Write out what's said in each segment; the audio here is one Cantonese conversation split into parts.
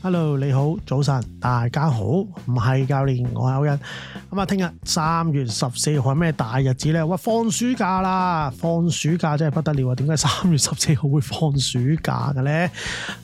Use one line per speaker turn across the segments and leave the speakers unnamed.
hello，你好，早晨，大家好，唔係教練，我係歐欣，咁啊，聽日三月十四號係咩大日子咧？哇，放暑假啦，放暑假真係不得了啊！點解三月十四號會放暑假嘅咧？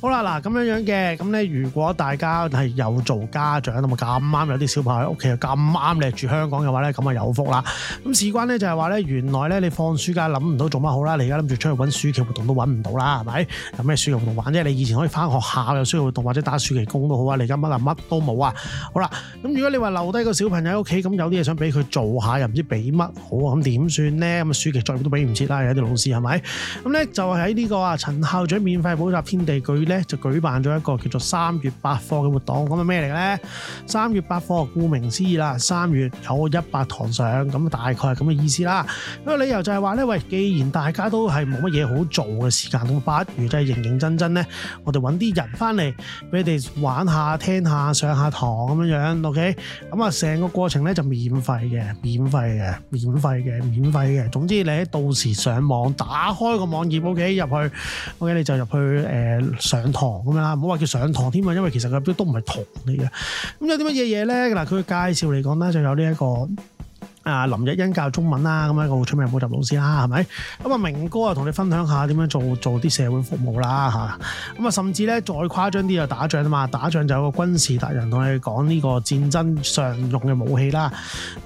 好啦，嗱咁樣樣嘅，咁咧如果大家係有做家長，咁啊咁啱有啲小朋友喺屋企，咁啱你住香港嘅話咧，咁啊有福啦！咁事關咧就係話咧，原來咧你放暑假諗唔到做乜好啦，你而家諗住出去揾暑期活動都揾唔到啦，係咪？有咩暑期活動玩啫？你以前可以翻學校有暑期活動或者打。暑期工都好啊，你而家乜啊乜都冇啊，好啦，咁如果你話留低個小朋友喺屋企，咁有啲嘢想俾佢做下，又唔知俾乜好啊，咁點算呢？咁暑期作業都俾唔切啦，有啲老師係咪？咁咧就喺呢個啊陳校長免費補習天地舉呢，佢咧就舉辦咗一個叫做三月八課嘅活動，咁係咩嚟咧？三月八課，顧名思義啦，三月有一百堂上，咁大概係咁嘅意思啦。咁個理由就係話咧，喂，既然大家都係冇乜嘢好做嘅時間，咁不如都係認認真真咧，我哋揾啲人翻嚟俾你哋。玩下、聽下、上下堂咁樣樣，OK，咁啊成個過程咧就免費嘅，免費嘅，免費嘅，免費嘅。總之你喺到時上網打開個網頁，OK 入去，OK 你就入去誒、呃、上堂咁樣啦。唔好話叫上堂添啊，因為其實佢都唔係堂嚟嘅。咁有啲乜嘢嘢咧？嗱，佢嘅介紹嚟講咧就有呢、這、一個。啊林日欣教中文啦，咁樣一個好出名嘅補習老師啦，係咪？咁啊明哥啊，同你分享下點樣做做啲社會服務啦嚇。咁啊甚至咧再誇張啲就打仗啊嘛，打仗就有個軍事達人同你講呢個戰爭常用嘅武器啦、啊啊。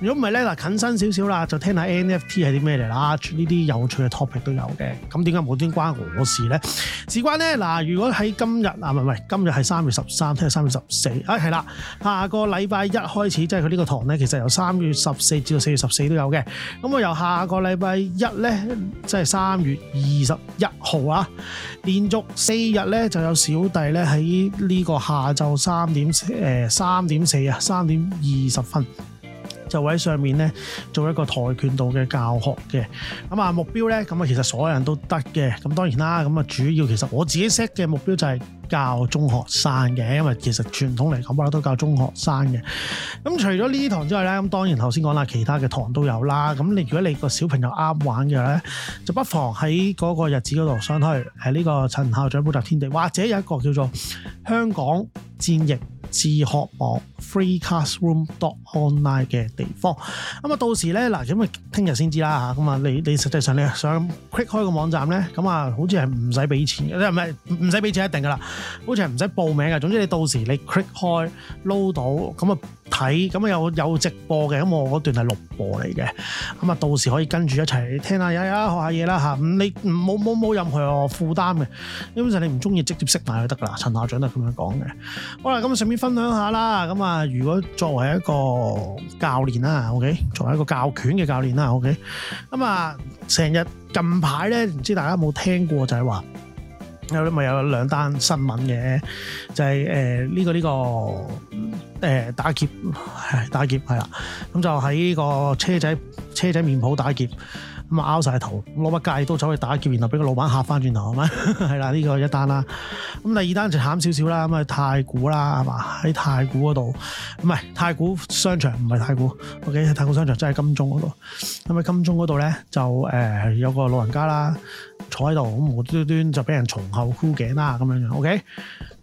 如果唔係咧嗱，近身少少啦，就聽下 NFT 係啲咩嚟啦，呢啲有趣嘅 topic 都有嘅。咁點解冇啲關我事咧？事關咧嗱，如果喺今日啊唔係今日係三月十三、啊，聽日三月十四啊係啦，下個禮拜一開始即係佢呢個堂咧，其實由三月十四至到。四月十四都有嘅，咁我由下個禮拜一呢，即係三月二十一號啊，連續四日呢就有小弟呢喺呢個下晝三點誒三點四啊三點二十分。就喺上面呢，做一個跆拳道嘅教學嘅，咁啊目標呢，咁啊其實所有人都得嘅，咁當然啦，咁啊主要其實我自己識嘅目標就係教中學生嘅，因為其實傳統嚟講啦都教中學生嘅。咁除咗呢堂之外呢，咁當然頭先講啦，其他嘅堂都有啦。咁你如果你個小朋友啱玩嘅呢，就不妨喺嗰個日子嗰度上去喺呢個陳校長補習天地，或者有一個叫做香港戰役自學網 freeclassroom.online 嘅地方，咁啊到時咧嗱，咁啊聽日先知啦嚇，咁啊你你實際上你上，上 click 開個網站咧，咁啊好似係唔使俾錢嘅，你係咪唔使俾錢一定噶啦？好似係唔使報名嘅，總之你到時你 click 開撈到，咁啊～睇，咁啊有有直播嘅，咁我嗰段係錄播嚟嘅，咁啊到時可以跟住一齊聽下，有啊學下嘢啦嚇，咁你冇冇冇任何負擔嘅，基本上你唔中意直接識埋就得㗎啦。陳校長就咁樣講嘅。好啦，咁順便分享下啦。咁啊，如果作為一個教練啦，OK，作為一個教拳嘅教練啦，OK。咁啊，成日近排咧，唔知大家有冇聽過就係話有咪有兩單新聞嘅，就係誒呢個呢個。誒、呃、打劫，係打劫係啦，咁就喺個車仔車仔麵鋪打劫，咁啊拗晒頭，攞把戒刀走去打劫，然後俾個老闆嚇翻轉頭，係咪？係 啦，呢、這個一單啦。咁第二單就慘少少啦，咁啊太古啦，係嘛？喺太古嗰度，唔係太古商場，唔係太古，OK，太古商場真係金鐘嗰度。咁喺金鐘嗰度咧，就誒、是呃、有個老人家啦，坐喺度，咁無端端就俾人從後箍頸啦，咁樣樣 OK。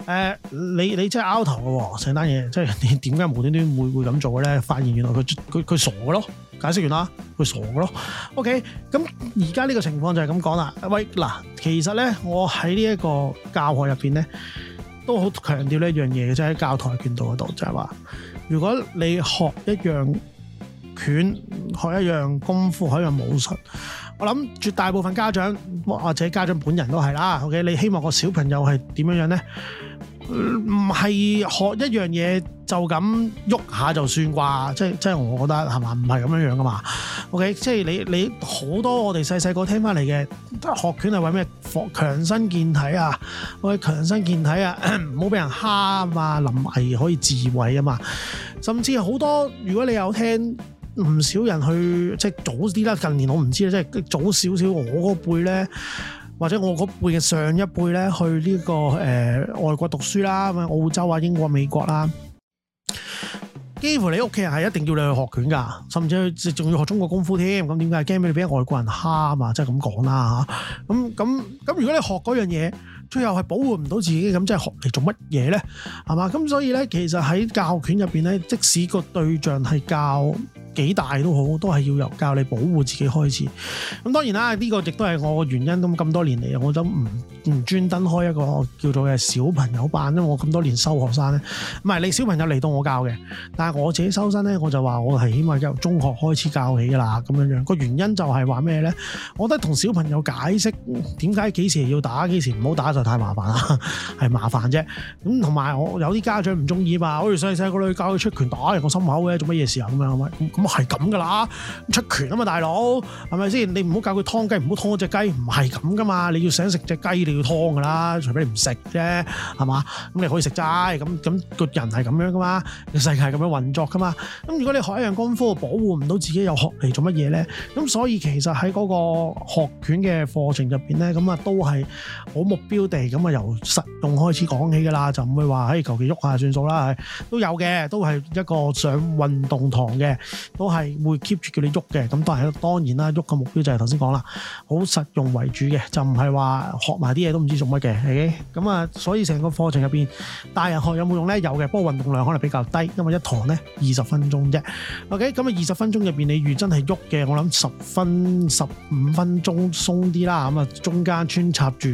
誒、呃，你你真係拗頭嘅喎，成單嘢，即係你點解無端端會會咁做嘅咧？發現原來佢佢佢傻嘅咯，解釋完啦，佢傻嘅咯。OK，咁而家呢個情況就係咁講啦。喂，嗱，其實咧，我喺呢一個教學入面咧，都好強調一樣嘢嘅，即係喺教跆拳道嗰度，就係、是、話，如果你學一樣拳，學一樣功夫，學一樣武術。我諗絕大部分家長或者家長本人都係啦，OK？你希望個小朋友係點樣樣咧？唔係學一樣嘢就咁喐下就算啩？即即我覺得係嘛？唔係咁樣樣噶嘛？OK？即係你你好多我哋細細個聽翻嚟嘅學拳係為咩？強身健體啊！為強身健體啊！唔好俾人蝦啊嘛！臨危可以自衞啊嘛！甚至好多如果你有聽。唔少人去即係早啲啦，近年我唔知咧，即係早少少我嗰輩咧，或者我嗰輩嘅上一輩咧去呢個誒外國讀書啦，咁啊澳洲啊、英國、美國啦，幾乎你屋企人係一定要你去學拳㗎，甚至係仲要學中國功夫添。咁點解？驚俾你俾外國人蝦啊嘛，即係咁講啦嚇。咁咁咁，如果你學嗰樣嘢，最後係保護唔到自己，咁即係學嚟做乜嘢咧？係嘛？咁所以咧，其實喺教學拳入邊咧，即使個對象係教。幾大都好，都係要由教你保護自己開始。咁當然啦，呢個亦都係我原因，咁咁多年嚟，我都唔唔專登開一個叫做嘅小朋友班啦。因為我咁多年收學生咧，唔係你小朋友嚟到我教嘅，但係我自己收生咧，我就話我係起碼由中學開始教起噶啦，咁樣樣個原因就係話咩咧？我覺得同小朋友解釋點解幾時要打，幾時唔好打就太麻煩啦，係麻煩啫。咁同埋我有啲家長唔中意啊嘛，好似細細個女教佢出拳打人個心口嘅，做乜嘢事呀咁樣係咪？係咁噶啦，出拳啊嘛，大佬係咪先？你唔好教佢湯雞，唔好湯隻雞，唔係咁噶嘛。你要想食隻雞，你要湯噶啦，除非你唔食啫，係嘛？咁你可以食齋。咁咁個人係咁樣噶嘛，個世界係咁樣運作噶嘛。咁如果你學一樣功夫保護唔到自己，又學嚟做乜嘢咧？咁所以其實喺嗰個學拳嘅課程入邊咧，咁啊都係我目標地咁啊由實用開始講起噶啦，就唔會話誒求其喐下算數啦。都有嘅，都係一個上運動堂嘅。都係會 keep 住叫你喐嘅，咁當當然啦，喐嘅目標就係頭先講啦，好實用為主嘅，就唔係話學埋啲嘢都唔知做乜嘅，係咁啊，所以成個課程入邊，大人學有冇用咧？有嘅，不過運動量可能比較低，因為一堂咧，二十分鐘啫。O.K. 咁啊，二十分鐘入邊你如真係喐嘅，我諗十分十五分鐘鬆啲啦，咁啊中間穿插住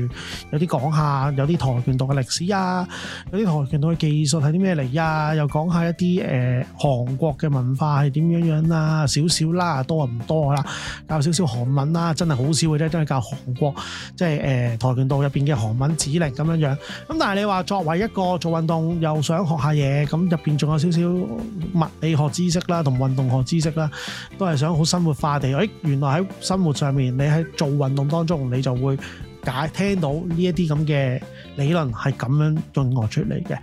有啲講下，有啲跆拳道嘅歷史啊，有啲跆拳道嘅技術係啲咩嚟啊，又講下一啲誒韓國嘅文化係點樣。啦，少少啦，多唔多啦，教少少韓文啦，真係好少嘅咧，真係教韓國，即係誒跆拳道入面嘅韓文指令咁樣樣。咁但係你話作為一個做運動又想學下嘢，咁入面仲有少少物理學知識啦，同運動學知識啦，都係想好生活化地、欸。原來喺生活上面，你喺做運動當中，你就會。解聽到呢一啲咁嘅理論係咁樣進外出嚟嘅。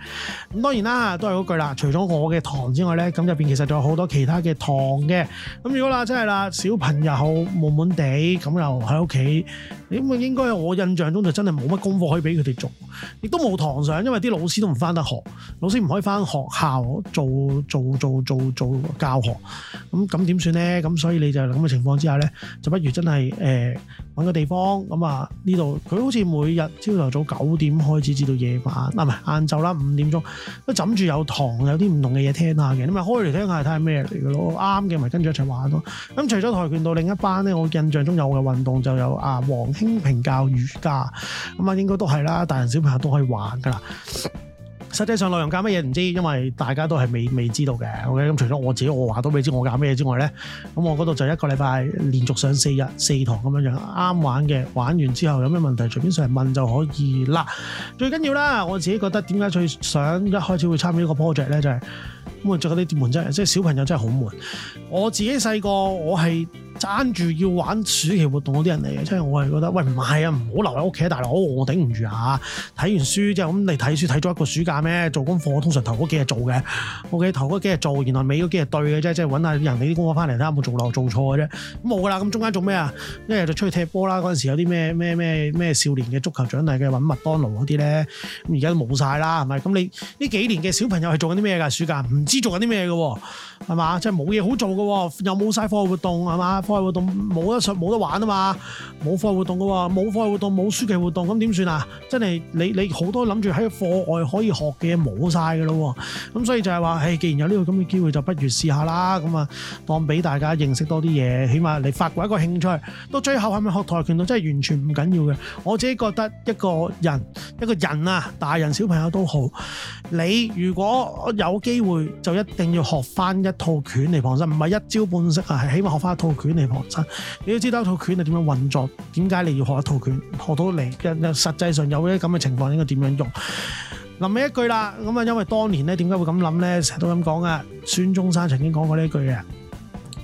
咁當然啦，都係嗰句啦。除咗我嘅堂之外咧，咁入面其實仲有好多其他嘅堂嘅。咁如果啦，真係啦，小朋友悶悶地咁又喺屋企。咁啊，應該我印象中就真係冇乜功課可以俾佢哋做，亦都冇堂上，因為啲老師都唔翻得學，老師唔可以翻學校做做做做做教學。咁咁點算呢？咁所以你就咁嘅情況之下呢，就不如真係誒揾個地方咁啊，呢度佢好似每日朝頭早九點開始至到夜晚，唔係晏晝啦，五點鐘都枕住有堂，有啲唔同嘅嘢聽下嘅，咁咪開嚟聽下睇下咩嚟嘅咯，啱嘅咪跟住一齊玩咯。咁除咗跆拳道，另一班呢，我印象中有嘅運動就有啊黃清平教瑜伽，咁啊應該都係啦，大人小朋友都可以玩噶啦。實際上內容教乜嘢唔知，因為大家都係未未知道嘅。OK，咁除咗我自己，我話都未知我教咩之外咧，咁我嗰度就一個禮拜連續上四日四堂咁樣樣，啱玩嘅，玩完之後有咩問題隨便上嚟問就可以啦。最緊要啦，我自己覺得點解最想一開始會參與呢個 project 咧，就係咁啊，做嗰啲門真係，即係小朋友真係好悶。我自己細個我係。爭住要玩暑期活動嗰啲人嚟嘅，即係我係覺得，喂唔係啊，唔好留喺屋企大佬，我我頂唔住啊！睇完書之後，咁你睇書，睇咗一個暑假咩？做功課，通常頭嗰幾日做嘅，我嘅頭嗰幾日做，原來尾嗰幾日對嘅啫，即係揾下人哋啲功課翻嚟睇下，有冇做漏做錯嘅啫。咁冇㗎啦，咁中間做咩啊？一日就出去踢波啦！嗰陣時有啲咩咩咩咩少年嘅足球獎勵嘅，揾麥當勞嗰啲咧。咁而家都冇晒啦，係咪？咁你呢幾年嘅小朋友係做緊啲咩㗎？暑假唔知做緊啲咩㗎喎？係嘛，即係冇嘢好做㗎喎，又冇晒課外活動，係咪？課外活動冇得上，冇得玩啊嘛！冇課外活動嘅喎，冇課外活動，冇暑期活動，咁點算啊？真係你你好多諗住喺課外可以學嘅嘢冇晒嘅咯喎，咁所以就係話，誒、欸，既然有呢、這個咁嘅機會，就不如試下啦，咁啊，當俾大家認識多啲嘢，起碼你發掘一個興趣。到最後係咪學跆拳道真係完全唔緊要嘅？我自己覺得一個人一個人啊，大人小朋友都好，你如果有機會就一定要學翻一套拳嚟防身，唔係一招半式啊，係起碼學翻一套拳。你學你要知道一套拳係點樣運作，點解你要學一套拳，學到嚟，實際上有啲咁嘅情況，應該點樣用？臨尾一句啦，咁啊，因為當年咧，點解會咁諗咧？成日都咁講啊，孫中山曾經講過呢句嘅：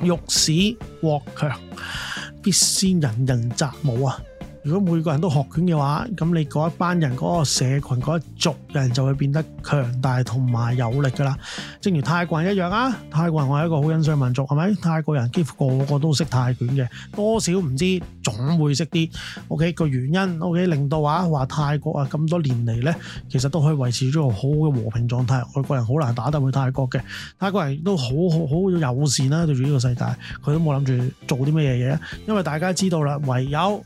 欲使國強，必先人人習武啊！如果每個人都學拳嘅話，咁你嗰一班人嗰個社群嗰一族人就會變得強大同埋有力噶啦。正如泰國人一樣啊，泰國人我係一個好欣賞民族，係咪？泰國人幾乎個個都識泰拳嘅，多少唔知總會識啲。OK，個原因，OK 令到啊話泰國啊咁多年嚟呢，其實都可以維持咗個好好嘅和平狀態，外國人好難打得去泰國嘅。泰國人都好好好友善啦，對住呢個世界，佢都冇諗住做啲咩嘢嘢。因為大家知道啦，唯有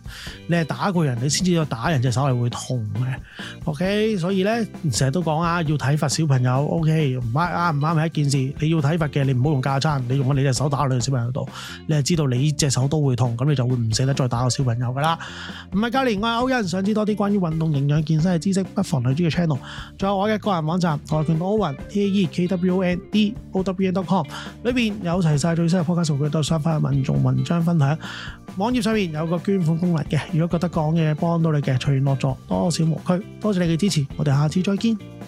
你係。打過人，你先知道打人隻手係會痛嘅。OK，所以呢成日都講啊，要體罰小朋友。OK，唔啱唔啱係一件事。你要體罰嘅，你唔好用架撐，你用啊你隻手打落去小朋友度，你係知道你隻手都會痛，咁你就會唔捨得再打個小朋友噶啦。唔係教練，我係 Owen 想知多啲關於運動營養健身嘅知識，不妨嚟呢個 channel。仲有我嘅個人網站跆拳道 Owen T A E K W O N D O W E N dot com，裏邊有齊曬最新嘅科學數據同相關嘅民眾文章分享。網頁上面有個捐款功能嘅，如果覺得講嘢幫到你嘅，隨緣樂助，多少無拘，多謝你嘅支持，我哋下次再見。